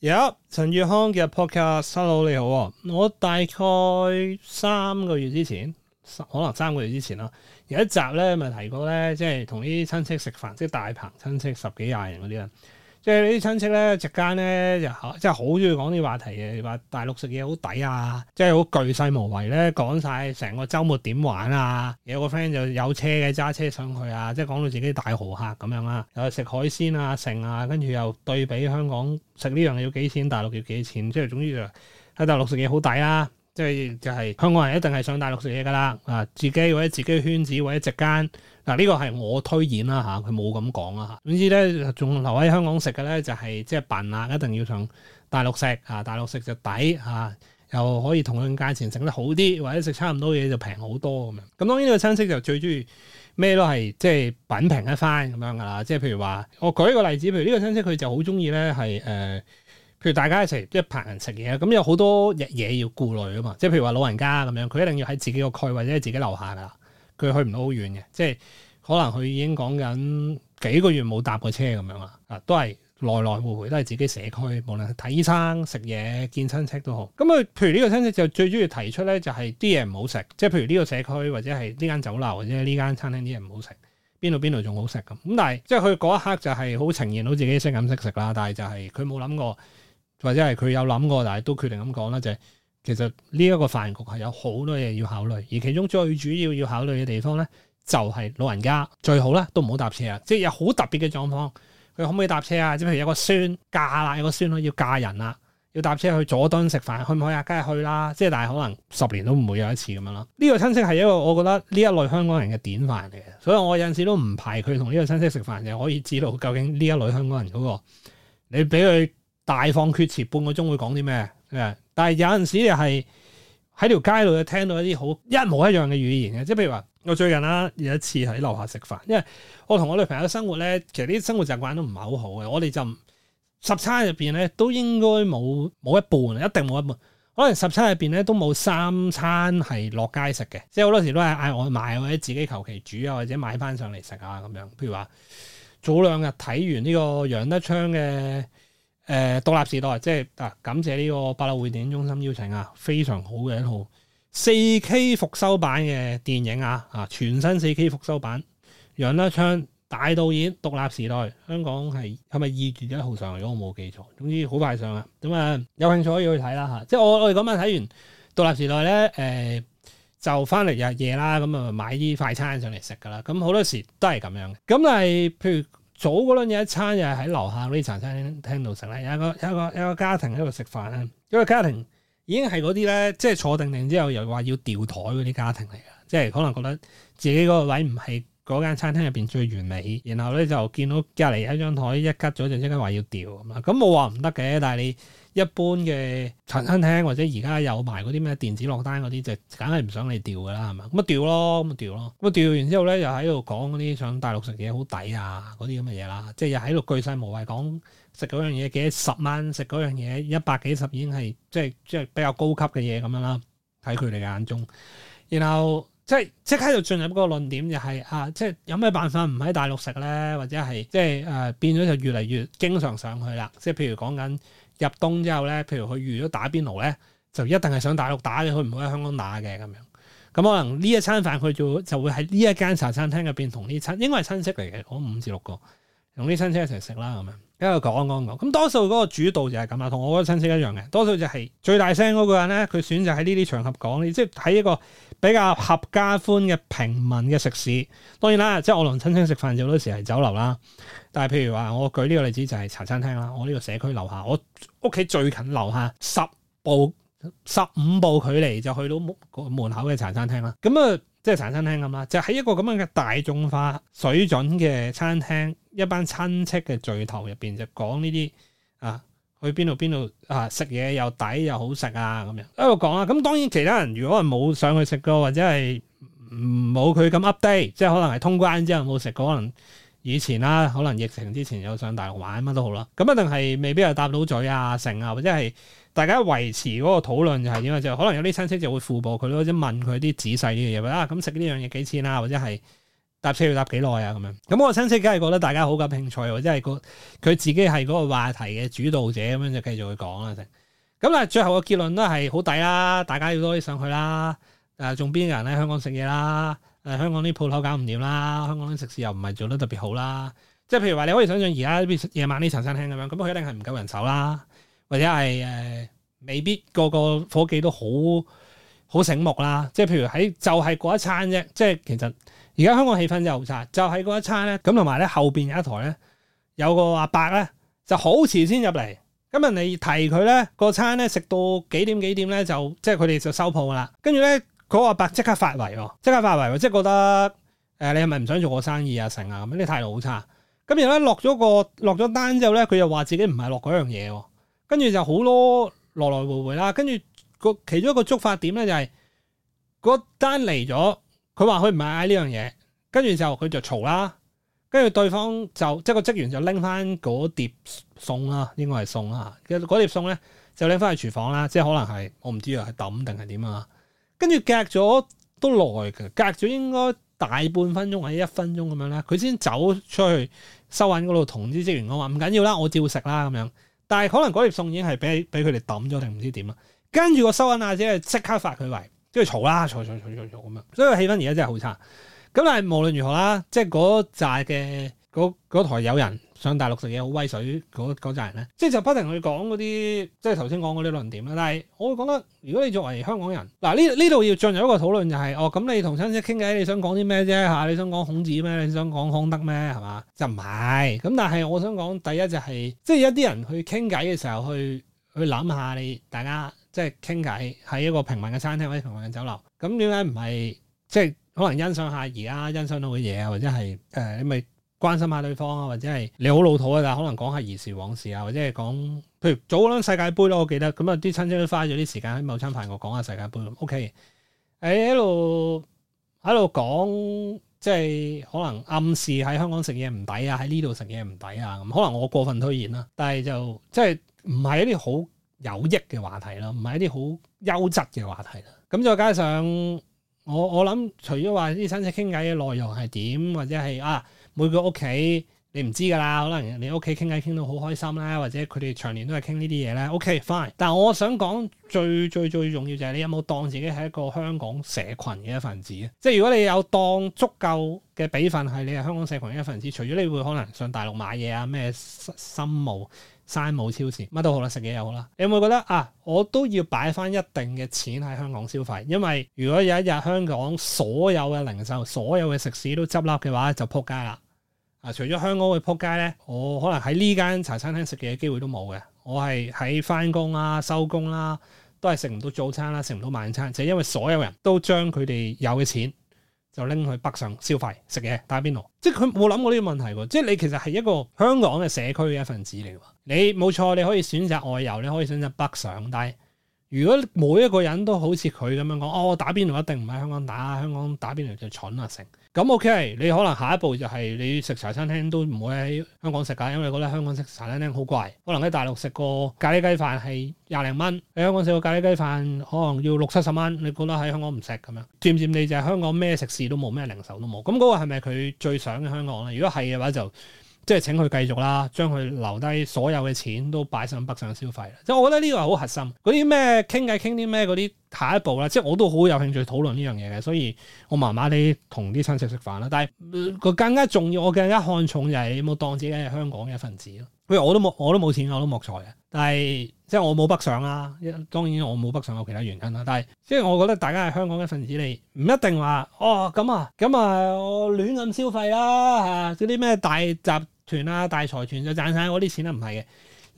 有陳、yeah，月康嘅 podcast，hello 你好，我大概三個月之前，可能三個月之前啦，有一集咧咪、就是、提過咧，即係同啲親戚食飯，即係大棚親戚十幾廿人嗰啲咧。即係啲親戚咧，直間咧就即係好中意講啲話題嘅，話大陸食嘢好抵啊，即係好巨細無遺咧講晒成個週末點玩啊，有個 friend 就有車嘅揸車上去啊，即係講到自己大豪客咁樣啦，又食海鮮啊，剩啊，跟住、啊、又對比香港食呢樣嘢要幾錢，大陸要幾錢，即係總之就喺大陸食嘢好抵啊。即係就係香港人一定係上大陸食嘢噶啦，啊自己或者自己圈子或者直間嗱呢個係我推演啦嚇，佢冇咁講啦嚇。總之咧仲留喺香港食嘅咧就係即係笨啊，一定要上大陸食啊，大陸食就抵嚇、啊，又可以同佢價錢整得好啲，或者食差唔多嘢就平好多咁樣。咁當然呢個親戚就最中意咩都係即係品評一番咁樣噶啦、啊。即係譬如話，我舉一個例子，譬如個親呢個親戚佢就好中意咧係誒。譬如大家一齊一棚人食嘢咁，有好多嘢嘢要顧慮啊嘛！即係譬如話老人家咁樣，佢一定要喺自己個區或者係自己樓下啊。佢去唔到好遠嘅，即係可能佢已經講緊幾個月冇搭過車咁樣啊！啊，都係來來回回都係自己社區，無論睇醫生、食嘢、見親戚都好。咁、嗯、佢，譬如呢個親戚就最主要提出咧，就係啲嘢唔好食。即係譬如呢個社區或者係呢間酒樓或者呢間餐廳啲嘢唔好食，邊度邊度仲好食咁咁。但係即係佢嗰一刻就係好呈現到自己識飲識食啦，但係就係佢冇諗過。或者係佢有諗過，但係都決定咁講啦，就係、是、其實呢一個飯局係有好多嘢要考慮，而其中最主要要考慮嘅地方咧，就係老人家最好咧都唔好搭車啊！即係有好特別嘅狀況，佢可唔可以搭車啊？即係譬如有個孫嫁啦，有個孫女要嫁人啦，要搭車去佐敦食飯，可唔可以啊？梗係去啦！即係但係可能十年都唔會有一次咁樣咯。呢、這個親戚係一個我覺得呢一類香港人嘅典範嚟嘅，所以我有陣時都唔排佢同呢個親戚食飯，就可以知道究竟呢一類香港人嗰個你俾佢。大放厥詞半個鐘會講啲咩？誒，但係有陣時又係喺條街度聽到一啲好一模一樣嘅語言嘅，即係譬如話我最近啦，有一次喺樓下食飯，因為我同我女朋友嘅生活咧，其實啲生活習慣都唔係好好嘅，我哋就十餐入邊咧都應該冇冇一半，一定冇一半，可能十餐入邊咧都冇三餐係落街食嘅，即係好多時都係嗌外賣或者自己求其煮啊，或者買翻上嚟食啊咁樣。譬如話早兩日睇完呢個楊德昌嘅。誒、呃、獨立時代，即係嗱、啊，感謝呢個百老匯電影中心邀請啊，非常好嘅一套四 K 復修版嘅電影啊，啊全新四 K 復修版，楊德昌大導演《獨立時代》，香港係係咪二月一號上嚟？如果我冇記錯，總之好快上啊。咁、嗯、啊，有興趣可以去睇啦嚇。即係我我哋咁樣睇完《獨立時代》呢咧、呃，誒就翻嚟日夜啦，咁啊買啲快餐上嚟食噶啦。咁好多時都係咁樣嘅。咁但係譬如。早嗰輪嘢一餐又喺樓下呢間餐廳度食咧，有一個有一個有一個家庭喺度食飯咧，一個家庭，家庭已經係嗰啲咧，即係坐定定之後又話要調台嗰啲家庭嚟嘅，即係可能覺得自己嗰個位唔係嗰間餐廳入邊最完美，然後咧就見到隔離有一張台一吉咗，就即刻話要調咁啦，咁冇話唔得嘅，但係你。一般嘅餐廳或者而家有埋嗰啲咩電子落單嗰啲，就梗係唔想你調噶啦，係嘛？咁啊調咯，咁啊調咯，咁啊調完之後咧，又喺度講嗰啲上大陸食嘢好抵啊，嗰啲咁嘅嘢啦，即係又喺度巨細無遺講食嗰樣嘢幾十蚊，食嗰樣嘢一百幾十已經係即係即係比較高級嘅嘢咁樣啦，喺佢哋嘅眼中，然後。即係即刻就進入嗰個論點、就是，就係啊，即係有咩辦法唔喺大陸食咧？或者係即係誒、呃、變咗就越嚟越經常上去啦。即係譬如講緊入冬之後咧，譬如佢遇咗打邊爐咧，就一定係上大陸打嘅，佢唔會喺香港打嘅咁樣。咁、嗯、可能呢一餐飯佢做就，就會喺呢一間茶餐廳入邊同呢餐應該係親戚嚟嘅，我五至六個。同啲親戚一齊食啦，咁樣一路講講講。咁多數嗰個主導就係咁啦，同我嗰個親戚一樣嘅。多數就係最大聲嗰個人咧，佢選擇喺呢啲場合講，呢即係喺一個比較合家歡嘅平民嘅食肆。當然啦，即係我同親戚食飯有好多時係酒樓啦。但係譬如話，我舉呢個例子就係茶餐廳啦。我呢個社區樓下，我屋企最近樓下十步、十五步距離就去到門口嘅茶餐廳啦。咁啊～即係茶餐廳咁啦，就喺一個咁樣嘅大眾化水準嘅餐廳，一班親戚嘅聚頭入邊就講呢啲啊，去邊度邊度啊，食嘢又抵又好食啊，咁樣一路講啊。咁當然其他人如果係冇上去食過，或者係冇佢咁 update，即係可能係通關之後冇食過，可能。以前啦，可能疫情之前有上大陸玩乜都好啦，咁一定係未必係搭到嘴啊成啊，或者係大家維持嗰個討論就係點樣，就可能有啲親戚就會附薄佢咯，或者問佢啲仔細啲嘅嘢啊，咁食呢樣嘢幾錢啦，或者係搭、啊啊、車要搭幾耐啊咁樣，咁、嗯、我親戚梗係覺得大家好感興趣，或者係個佢自己係嗰個話題嘅主導者咁樣，就繼續去講啦成。咁啊最後嘅結論都係好抵啦，大家要多啲上去啦，誒仲邊啲人喺香港食嘢啦？香港啲鋪頭搞唔掂啦，香港啲食肆又唔係做得特別好啦。即係譬如話，你可以想象而家夜晚呢層餐廳咁樣，咁佢一定係唔夠人手啦，或者係誒、呃、未必個個伙計都好好醒目啦。即係譬如喺就係嗰一餐啫，即係其實而家香港氣氛真係好差。就係、是、嗰一餐咧，咁同埋咧後邊有一台咧，有個阿伯咧就好遲先入嚟，咁人哋提佢咧、那個餐咧食到幾點幾點咧就即係佢哋就收鋪啦，跟住咧。佢話白即刻發圍喎，即刻發圍喎，即係覺得誒、呃，你係咪唔想做個生意啊？成啊咁，你態度好差。咁然後咧落咗個落咗單之後咧，佢又話自己唔係落嗰樣嘢，啊，跟住就好多來來回回啦。跟住個其中一個觸發點咧就係、是、嗰單嚟咗，佢話佢唔係嗌呢樣嘢，跟住就佢就嘈啦。跟住對方就即係個職員就拎翻嗰碟餸啊，應該係餸啊。其實嗰碟餸咧就拎翻去廚房啦，即係可能係我唔知係抌定係點啊。跟住隔咗都耐嘅，隔咗應該大半分鐘或者一分鐘咁樣啦。佢先走出去收銀嗰度同啲職員講話唔緊要啦，我照食啦咁樣。但係可能嗰碟餸已經係俾俾佢哋抌咗定唔知點啊。跟住個收銀阿姐係即刻發佢圍，跟住嘈啦，嘈嘈嘈嘈嘈咁樣，所以氣氛而家真係好差。咁但係無論如何啦，即係嗰扎嘅嗰台有人。上大陸食嘢好威水嗰嗰扎人咧，即係就不停去講嗰啲，即係頭先講嗰啲論點啦。但係我會覺得，如果你作為香港人，嗱呢呢度要進入一個討論就係、是、哦，咁你同親戚傾偈，你想講啲咩啫嚇？你想講孔子咩？你想講康德咩？係嘛？就唔係。咁但係我想講第一就係、是，即、就、係、是、一啲人去傾偈嘅時候去，去去諗下你大家即係傾偈喺一個平民嘅餐廳或者平民嘅酒樓，咁點解唔係即係可能欣賞下而家欣賞到嘅嘢啊，或者係誒、呃、你咪？關心下對方啊，或者係你好老土啊，但可能講下兒時往事啊，或者係講譬如早嗰輪世界盃咯，我記得咁啊，啲親戚都花咗啲時間喺某餐飯我講下世界盃。O K，喺一路喺度講，即係可能暗示喺香港食嘢唔抵啊，喺呢度食嘢唔抵啊。咁可能我過分推現啦，但係就即係唔係一啲好有益嘅話題咯，唔係一啲好優質嘅話題啦。咁再加上。我我諗除咗話啲親戚傾偈嘅內容係點，或者係啊每個屋企你唔知噶啦，可能你屋企傾偈傾到好開心啦，或者佢哋長年都係傾呢啲嘢咧。OK fine，但係我想講最最最重要就係你有冇當自己係一個香港社群嘅一份子嘅，即係如果你有當足夠嘅比分係你係香港社群嘅一份子，除咗你會可能上大陸買嘢啊咩深務，山姆超市乜都好啦，食嘢又好啦。你有冇覺得啊？我都要擺翻一定嘅錢喺香港消費，因為如果有一日香港所有嘅零售、所有嘅食肆都執笠嘅話，就撲街啦！啊，除咗香港會撲街咧，我可能喺呢間茶餐廳食嘢嘅機會都冇嘅。我係喺翻工啦、收工啦，都係食唔到早餐啦、啊、食唔到晚餐，就是、因為所有人都將佢哋有嘅錢。就拎去北上消費食嘢打邊爐，即係佢冇諗過呢個問題喎。即係你其實係一個香港嘅社區嘅一份子嚟喎。你冇錯，你可以選擇外遊，你可以選擇北上，但係如果每一個人都好似佢咁樣講，哦，打邊爐一定唔喺香港打，香港打邊爐就蠢啊成，等等咁 OK，你可能下一步就係你食茶餐廳都唔會喺香港食㗎，因為你覺得香港食茶餐廳好貴。可能喺大陸食個咖喱雞飯係廿零蚊，喺香港食個咖喱雞飯可能要六七十蚊。你覺得喺香港唔食咁樣，漸漸你就係香港咩食肆都冇，咩零售都冇。咁、那、嗰個係咪佢最想嘅香港咧？如果係嘅話就，就即係請佢繼續啦，將佢留低所有嘅錢都擺上北上消費。即係我覺得呢個係好核心。嗰啲咩傾偈傾啲咩嗰啲。聊天聊天。下一步啦，即係我都好有興趣討論呢樣嘢嘅，所以我麻麻地同啲親戚食飯啦。但係個、呃、更加重要，我更加看重就係、你、冇當自己係香港嘅一份子咯。譬如我都冇，我都冇錢，我都莫財嘅。但係即係我冇北上啦，當然我冇北上有其他原因啦。但係即係我覺得大家係香港嘅份子，你唔一定話，哦咁啊咁啊，我亂咁消費啦，嚇，嗰啲咩大集團啊、大財團就賺晒我啲錢啦、啊，唔係嘅。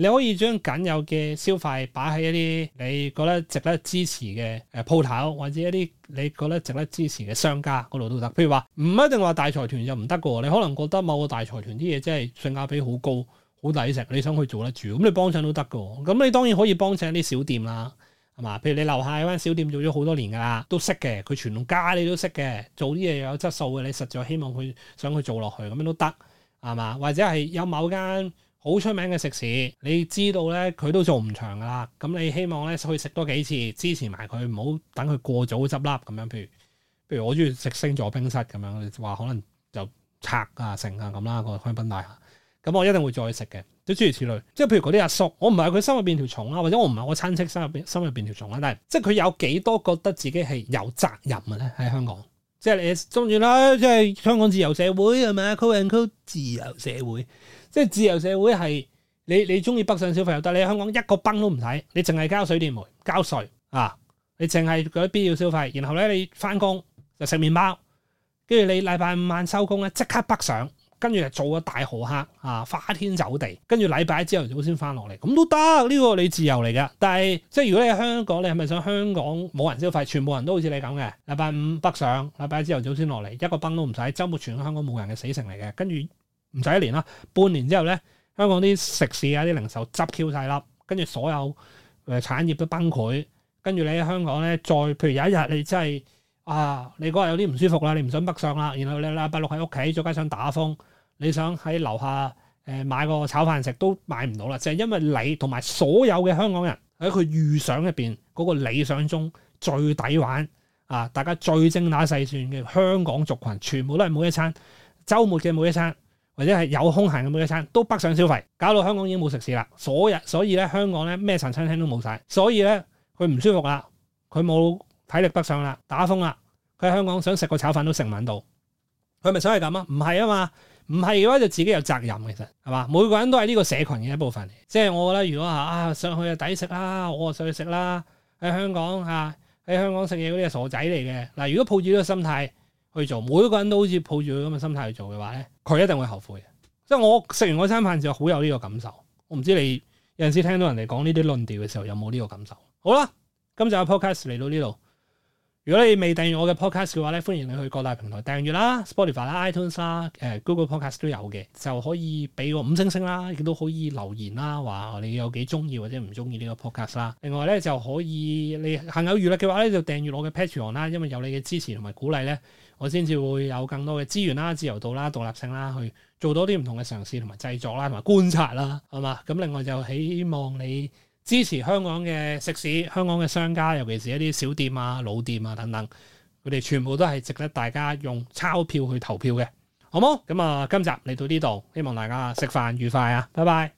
你可以將僅有嘅消費擺喺一啲你覺得值得支持嘅誒鋪頭，或者一啲你覺得值得支持嘅商家嗰度都得。譬如話，唔一定話大財團就唔得嘅喎。你可能覺得某個大財團啲嘢真係性價比好高，好抵食，你想去做得住，咁你幫襯都得嘅喎。咁你當然可以幫襯一啲小店啦，係嘛？譬如你樓下有間小店做咗好多年㗎啦，都識嘅，佢全家你都識嘅，做啲嘢有質素嘅，你實在希望佢想去做落去咁樣都得，係嘛？或者係有某間，好出名嘅食肆，你知道咧佢都做唔長噶啦。咁你希望咧去食多幾次，支持埋佢，唔好等佢過早執笠咁樣。譬如譬如我中意食星座冰室咁樣，你話可能就拆啊成啊咁啦個香檳大廈。咁我一定會再食嘅。都諸如此類，即係譬如嗰啲阿叔，我唔係佢心入邊條蟲啊，或者我唔係我親戚心入邊心入邊條蟲啊，但係即係佢有幾多覺得自己係有責任嘅咧？喺香港。即，你，中意啦，即，香港自由社會，係咪，code and code，自由社會。即，自由社會，係，你，你，中意北上消費，但你，喺香港，一個崩，都唔使，你，淨係，交水電煤，跟住又做個大豪客啊，花天酒地。跟住禮拜朝頭早先翻落嚟，咁都得。呢個你自由嚟㗎。但係即係如果你喺香港，你係咪想香港冇人消費，全部人都好似你咁嘅？禮拜五北上，禮拜朝頭早先落嚟，一個崩都唔使。周末全香港冇人嘅死城嚟嘅。跟住唔使一年啦，半年之後咧，香港啲食肆啊、啲零售執 Q 晒笠，跟住所有誒產業都崩潰。跟住你喺香港咧，再譬如有一日你真係～啊！你嗰日有啲唔舒服啦，你唔想北上啦，然後你禮拜六喺屋企，再加上打風，你想喺樓下誒、呃、買個炒飯食都買唔到啦，就係、是、因為你同埋所有嘅香港人喺佢預想入邊嗰個理想中最抵玩啊，大家最精打細算嘅香港族群，全部都係每一餐周末嘅每一餐，或者係有空閒嘅每一餐都北上消費，搞到香港已經冇食肆啦。所以所以咧，香港咧咩茶餐廳都冇晒，所以咧佢唔舒服啦，佢冇。體力北上啦，打風啦，佢喺香港想食個炒飯都食唔穩到，佢咪想係咁啊？唔係啊嘛，唔係嘅話就自己有責任，其實係嘛？每個人都係呢個社群嘅一部分，即係我覺得如果嚇、啊、上去就抵食啦，我上去食啦，喺香港嚇喺、啊、香港食嘢嗰啲傻仔嚟嘅。嗱、啊，如果抱住呢個心態去做，每個人都好似抱住佢咁嘅心態去做嘅話咧，佢一定會後悔。即係我食完嗰餐飯就好有呢個感受，我唔知你有陣時聽到人哋講呢啲論調嘅時候有冇呢個感受。好啦，今集嘅 podcast 嚟到呢度。如果你未訂閱我嘅 podcast 嘅話咧，歡迎你去各大平台訂閱啦，Spotify 啦、iTunes 啦、誒、呃、Google Podcast 都有嘅，就可以俾個五星星啦，亦都可以留言啦，話你有幾中意或者唔中意呢個 podcast 啦。另外咧就可以你行有餘力嘅話咧，就訂閱我嘅 Patreon 啦，因為有你嘅支持同埋鼓勵咧，我先至會有更多嘅資源啦、自由度啦、獨立性啦，去做多啲唔同嘅嘗試同埋製作啦同埋觀察啦，係嘛？咁另外就希望你。支持香港嘅食肆、香港嘅商家，尤其是一啲小店啊、老店啊等等，佢哋全部都係值得大家用鈔票去投票嘅，好冇？咁啊，今集嚟到呢度，希望大家食飯愉快啊，拜拜。